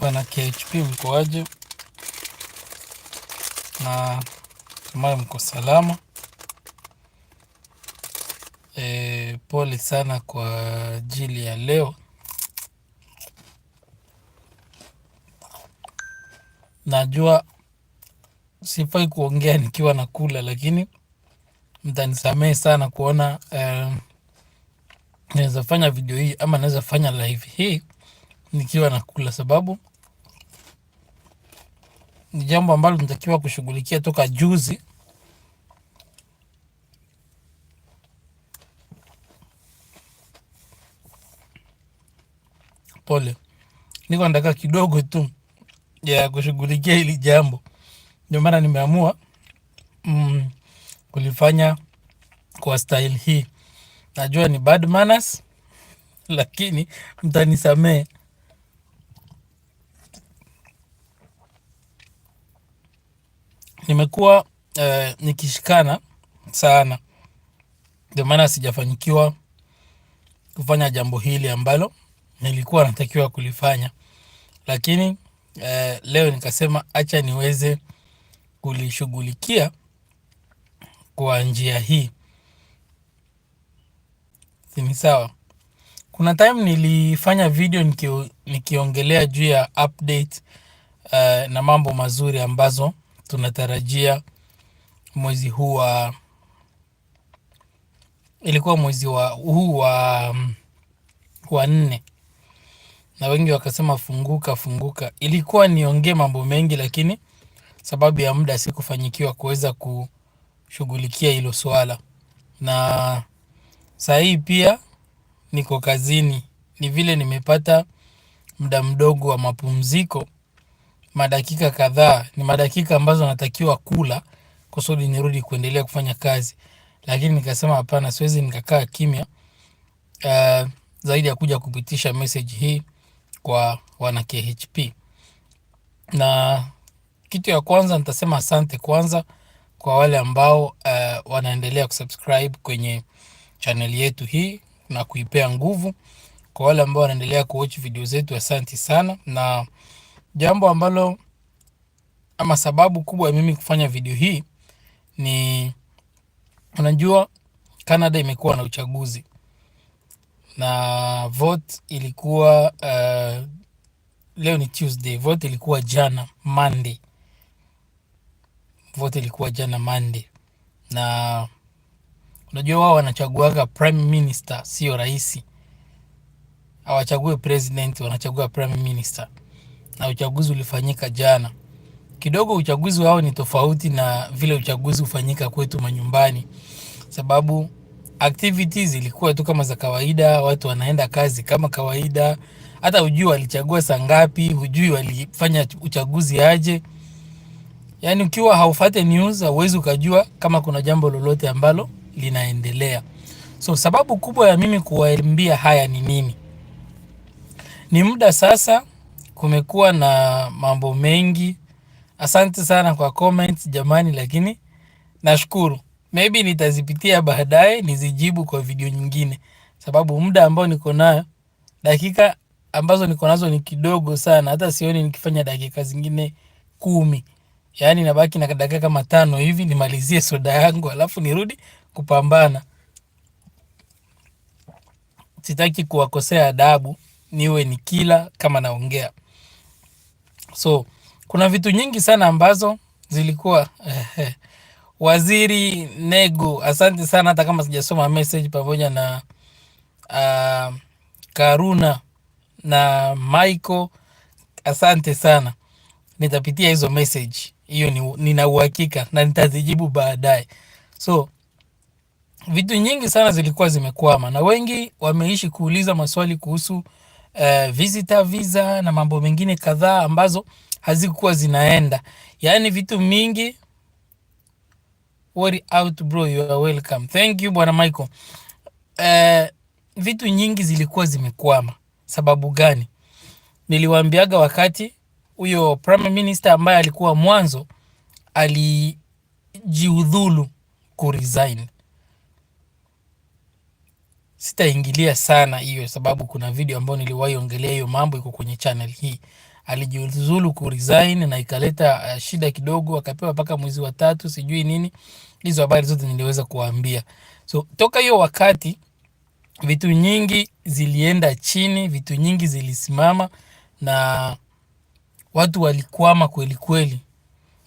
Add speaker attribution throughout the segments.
Speaker 1: Bwana KHP mkoaje? Na tumai mko salama. E, pole sana kwa ajili ya leo, najua sifai kuongea nikiwa na kula lakini mtanisamehe sana kuona e, naweza fanya video hii ama naweza fanya live hii nikiwa na kula sababu ni jambo ambalo tunatakiwa kushughulikia toka juzi. Pole, niko na dakika kidogo tu ya kushughulikia hili jambo, ndio maana nimeamua mm, kulifanya kwa style hii. Najua ni bad manners, lakini mtanisamehe. nimekuwa uh, nikishikana sana ndio maana sijafanyikiwa kufanya jambo hili ambalo nilikuwa natakiwa kulifanya lakini uh, leo nikasema acha niweze kulishughulikia kwa njia hii ni sawa kuna time nilifanya video nikiongelea juu ya update uh, na mambo mazuri ambazo tunatarajia mwezi huu wa ilikuwa mwezi wa huu wa wa nne, na wengi wakasema funguka funguka. Ilikuwa niongee mambo mengi, lakini sababu ya muda sikufanyikiwa kuweza kushughulikia hilo swala, na saa hii pia niko kazini. Ni vile nimepata muda mdogo wa mapumziko madakika kadhaa ni madakika ambazo natakiwa kula kusudi nirudi kuendelea kufanya kazi, lakini nikasema hapana, siwezi nikakaa kimya uh, zaidi ya kuja kupitisha message hii kwa wana KHP. Na kitu ya kwanza nitasema asante kwanza kwa wale ambao uh, wanaendelea kusubscribe kwenye channel yetu hii na kuipea nguvu. Kwa wale ambao wanaendelea kuwatch video zetu, asante sana na Jambo ambalo ama sababu kubwa ya mimi kufanya video hii ni unajua Canada imekuwa na uchaguzi na vote ilikuwa uh, leo ni Tuesday, vote ilikuwa jana Monday, vote ilikuwa jana Monday. Na unajua wao wanachaguaga prime minister, sio rais. Hawachague president, wanachagua prime minister na uchaguzi ulifanyika jana. Kidogo uchaguzi wao ni tofauti na vile uchaguzi hufanyika kwetu manyumbani, sababu activities zilikuwa tu kama za kawaida, watu wanaenda kazi kama kawaida. Hata hujui walichagua saa ngapi, hujui walifanya uchaguzi aje. Yaani ukiwa haufate news hauwezi ukajua kama kuna jambo lolote ambalo linaendelea. So sababu kubwa ya mimi kuwaambia haya ni nini? Ni muda sasa kumekuwa na mambo mengi. Asante sana kwa comments jamani, lakini nashukuru. Maybe nitazipitia baadaye nizijibu kwa video nyingine, sababu muda ambao niko nayo, dakika ambazo niko nazo ni kidogo sana. Hata sioni nikifanya dakika zingine kumi, Yani nabaki na dakika kama tano hivi nimalizie soda yangu, alafu nirudi kupambana. Sitaki kuwakosea adabu, niwe nikila kama naongea. So kuna vitu nyingi sana ambazo zilikuwa eh, Waziri Nego, asante sana, hata kama sijasoma message, pamoja na uh, Karuna na Michael, asante sana. Nitapitia hizo message, hiyo ni, nina uhakika na nitazijibu baadaye. So vitu nyingi sana zilikuwa zimekwama, na wengi wameishi kuuliza maswali kuhusu eh, visitor visa na mambo mengine kadhaa ambazo hazikuwa zinaenda, yaani vitu mingi worry out bro, you are welcome. Thank you bwana Michael. Eh, vitu nyingi zilikuwa zimekwama. Sababu gani? Niliwaambiaga wakati huyo prime minister ambaye alikuwa mwanzo alijiudhulu kuresign sitaingilia sana hiyo, sababu kuna video ambayo niliwahi ongelea hiyo mambo, iko kwenye channel hii. Alijiuzulu ku resign na ikaleta uh, shida kidogo, akapewa mpaka mwezi wa tatu sijui nini. Hizo habari zote niliweza kuambia So toka hiyo wakati vitu nyingi zilienda chini, vitu nyingi zilisimama na watu walikwama kweli kweli,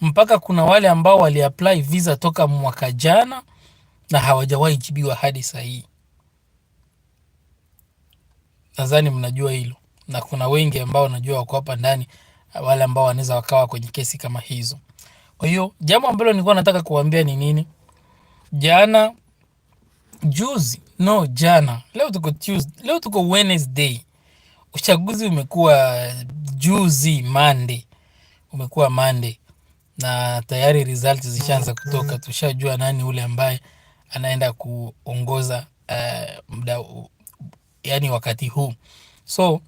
Speaker 1: mpaka kuna wale ambao waliapply visa toka mwaka jana na hawajawahi jibiwa hadi sahii nadhani mnajua hilo, na kuna wengi ambao najua wako hapa ndani, wale ambao wanaweza wakawa kwenye kesi kama hizo. Kwa hiyo jambo ambalo nilikuwa nataka kuambia ni nini, jana juzi, no jana, leo tuko Tuesday, leo tuko Wednesday. Uchaguzi umekuwa juzi Monday, umekuwa Monday na tayari results zishaanza kutoka. Tushajua nani ule ambaye anaenda kuongoza uh, yani wakati huu. So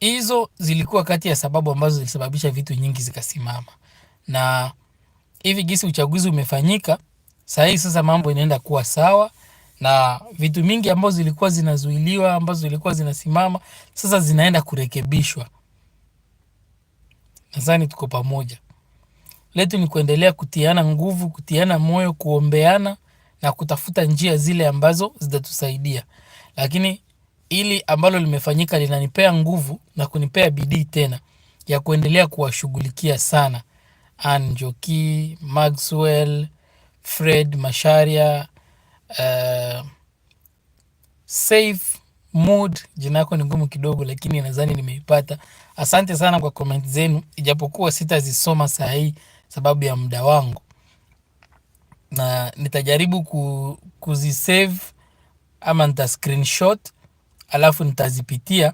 Speaker 1: hizo zilikuwa kati ya sababu ambazo zilisababisha vitu nyingi zikasimama, na hivi gisi uchaguzi umefanyika sahii, sasa mambo inaenda kuwa sawa na vitu mingi ambazo zilikuwa zinazuiliwa ambazo zilikuwa zinasimama sasa zinaenda kurekebishwa. Nadhani tuko pamoja. Letu ni kuendelea kutiana nguvu, kutiana moyo, kuombeana na kutafuta njia zile ambazo zitatusaidia, lakini Hili ambalo limefanyika linanipea nguvu na kunipea bidii tena ya kuendelea kuwashughulikia sana Anjoki, Maxwell, Fred Masharia, uh, eh, Safe Mood. Jina yako ni ngumu kidogo, lakini nadhani nimeipata. Asante sana kwa comment zenu, ijapokuwa sitazisoma saa hii sababu ya muda wangu, na nitajaribu ku, kuzisave ama nita screenshot alafu nitazipitia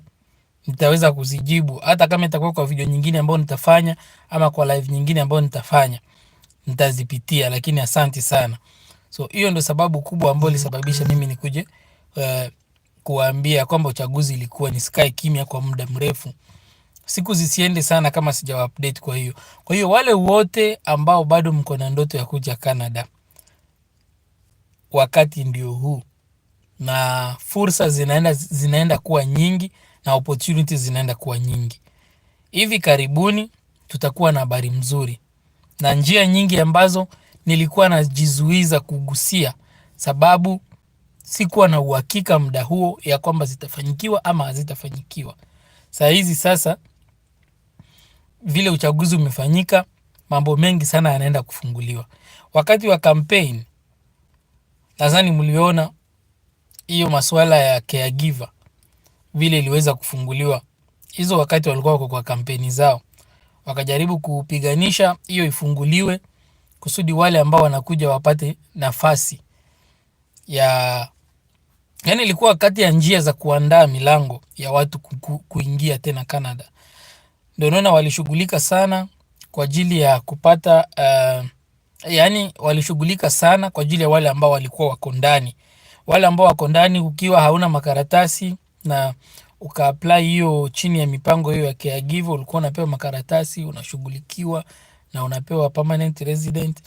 Speaker 1: nitaweza kuzijibu hata kama itakuwa kwa video nyingine ambayo nitafanya ama kwa live nyingine ambayo nitafanya nitazipitia, lakini asanti sana. So hiyo ndo sababu kubwa ambayo ilisababisha mimi nikuje uh, eh, kuambia kwamba uchaguzi ilikuwa ni sky kimya kwa muda mrefu, siku zisiende sana kama sijawa update. Kwa hiyo kwa hiyo wale wote ambao bado mko na ndoto ya kuja Canada, wakati ndio huu na fursa zinaenda, zinaenda kuwa nyingi na opportunities zinaenda kuwa nyingi. Hivi karibuni tutakuwa na habari mzuri na njia nyingi ambazo nilikuwa najizuiza kugusia sababu sikuwa na uhakika muda huo ya kwamba zitafanyikiwa ama hazitafanyikiwa. Saa hizi sasa vile uchaguzi umefanyika, mambo mengi sana yanaenda kufunguliwa. Wakati wa kampeni, nadhani mliona hiyo masuala ya caregiver vile iliweza kufunguliwa hizo, wakati walikuwa wako kwa kampeni zao, wakajaribu kupiganisha hiyo ifunguliwe kusudi wale ambao wanakuja wapate nafasi ya yani, ilikuwa kati ya njia za kuandaa milango ya watu kuingia tena Canada. Ndio naona walishughulika sana kwa ajili ya kupata uh, eh, yani, walishughulika sana kwa ajili ya wale ambao walikuwa wako ndani wale ambao wako ndani, ukiwa hauna makaratasi na ukaapply hiyo chini ya mipango hiyo ya caregiver, ulikuwa unapewa makaratasi, unashughulikiwa na unapewa permanent resident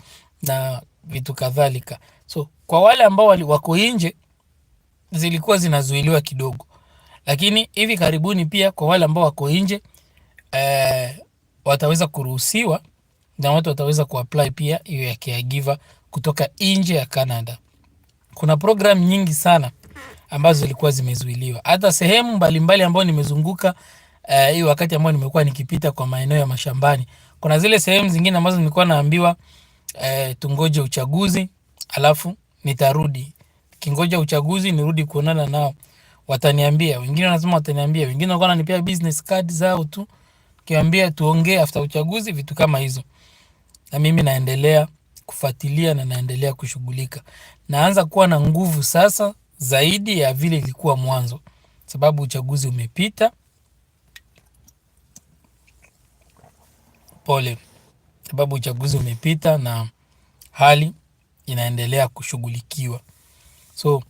Speaker 1: na vitu kadhalika. So kwa wale ambao wako nje zilikuwa zinazuiliwa kidogo, lakini hivi karibuni pia kwa wale ambao wako nje eh, wataweza kuruhusiwa na watu wataweza kuapply pia hiyo ya caregiver kutoka nje ya Canada kuna program nyingi sana ambazo zilikuwa zimezuiliwa. Hata sehemu mbalimbali ambayo nimezunguka eh, hii uh, wakati ambao nimekuwa nikipita kwa maeneo ya mashambani, kuna zile sehemu zingine ambazo nilikuwa naambiwa uh, tungoje uchaguzi alafu nitarudi, kingoja uchaguzi nirudi kuonana nao, wataniambia. Wengine wanasema wataniambia, wengine walikuwa wananipea business card zao tu, kiambia tuongee after uchaguzi, vitu kama hizo, na mimi naendelea kufuatilia na naendelea kushughulika. Naanza kuwa na nguvu sasa zaidi ya vile ilikuwa mwanzo sababu uchaguzi umepita. Pole, sababu uchaguzi umepita na hali inaendelea kushughulikiwa. So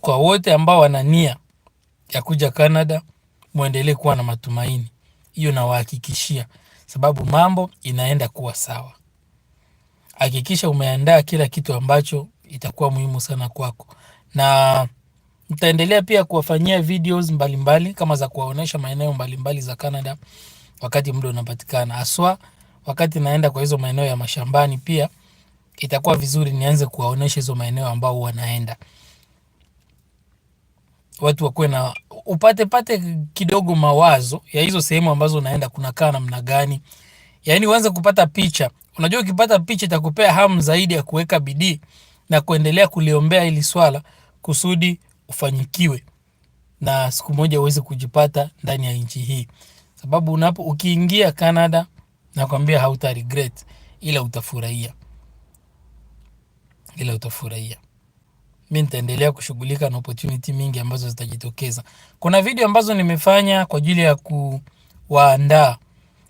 Speaker 1: kwa wote ambao wana nia ya kuja Canada, mwendelee kuwa na matumaini, hiyo nawahakikishia, sababu mambo inaenda kuwa sawa hakikisha umeandaa kila kitu ambacho itakuwa muhimu sana kwako, na nitaendelea pia kuwafanyia videos mbalimbali mbali, kama za kuwaonyesha maeneo mbalimbali za Canada wakati muda unapatikana, haswa wakati naenda kwa hizo maeneo ya mashambani. Pia itakuwa vizuri nianze kuwaonyesha hizo maeneo ambao wanaenda watu wakuwe na upate pate kidogo mawazo ya hizo sehemu ambazo unaenda kunakaa namna gani, yaani uanze kupata picha. Unajua, ukipata picha itakupea hamu zaidi ya kuweka bidii na kuendelea kuliombea hili swala kusudi ufanyikiwe na siku moja uweze kujipata ndani ya nchi hii, sababu unapo ukiingia Canada nakwambia hauta regret, ila utafurahia, ila utafurahia. Mi nitaendelea kushughulika na opportunity mingi ambazo zitajitokeza. Kuna video ambazo nimefanya kwa ajili ya kuwaandaa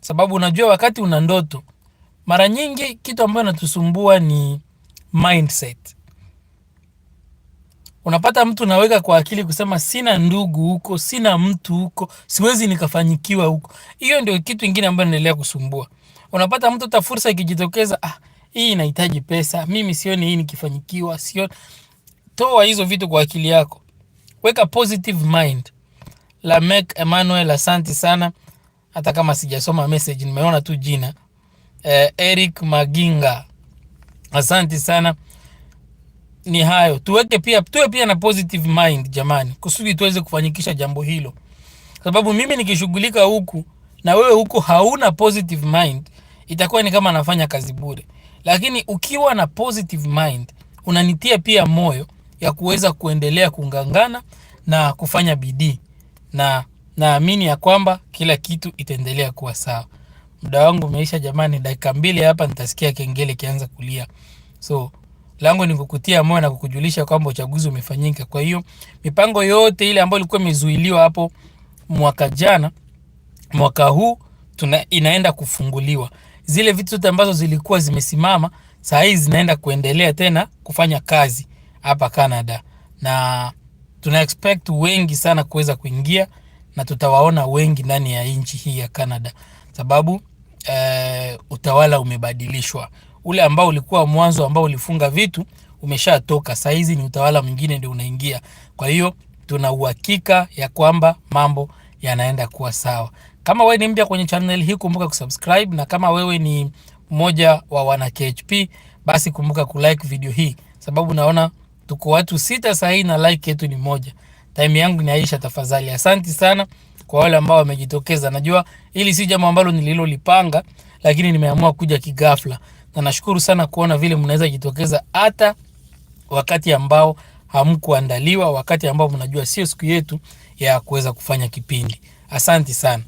Speaker 1: sababu unajua wakati una ndoto mara nyingi kitu ambayo natusumbua ni mindset. Unapata mtu naweka kwa akili kusema sina ndugu huko, sina mtu huko, siwezi nikafanyikiwa huko. Hiyo ndio kitu ingine ambayo inaendelea kusumbua. Unapata mtu ta fursa ikijitokeza, ah, hii inahitaji pesa, mimi sioni hii nikifanyikiwa, sio. Toa hizo vitu kwa akili yako, weka positive mind. Lameck Emmanuel, asante sana hata kama sijasoma message, nimeona tu jina eh, Eric Maginga, asante sana. Ni hayo tuweke pia, tuwe pia na positive mind jamani, kusudi tuweze kufanikisha jambo hilo, sababu mimi nikishughulika huku na wewe huku hauna positive mind, itakuwa ni kama nafanya kazi bure. Lakini ukiwa na positive mind, unanitia pia moyo ya kuweza kuendelea kungangana na kufanya bidii na naamini ya kwamba kila kitu itaendelea kuwa sawa. Muda wangu umeisha jamani, dakika mbili hapa nitasikia kengele kianza kulia. So lango ni kukutia moyo na kukujulisha kwamba uchaguzi umefanyika. Kwa hiyo mipango yote ile ambayo ilikuwa imezuiliwa hapo mwaka jana, mwaka huu tuna, inaenda kufunguliwa. Zile vitu zote ambazo zilikuwa zimesimama saa hii zinaenda kuendelea tena kufanya kazi hapa Canada, na tuna expect wengi sana kuweza kuingia na tutawaona wengi ndani ya nchi hii ya Canada sababu e, utawala umebadilishwa. Ule ambao ulikuwa mwanzo ambao ulifunga vitu umeshatoka, saa hizi ni utawala mwingine ndio unaingia. Kwa hiyo tuna uhakika ya kwamba mambo yanaenda kuwa sawa. Kama wewe ni mpya kwenye channel hii, kumbuka kusubscribe, na kama wewe ni mmoja wa wana KHP, basi kumbuka kulike video hii, sababu naona tuko watu sita sahii na like yetu ni moja. Time yangu inaisha, tafadhali. asanti sana kwa wale ambao wamejitokeza. Najua hili si jambo ambalo nililolipanga, lakini nimeamua kuja kighafla, na nashukuru sana kuona vile mnaweza jitokeza hata wakati ambao hamkuandaliwa, wakati ambao mnajua sio siku yetu ya kuweza kufanya kipindi. asanti sana.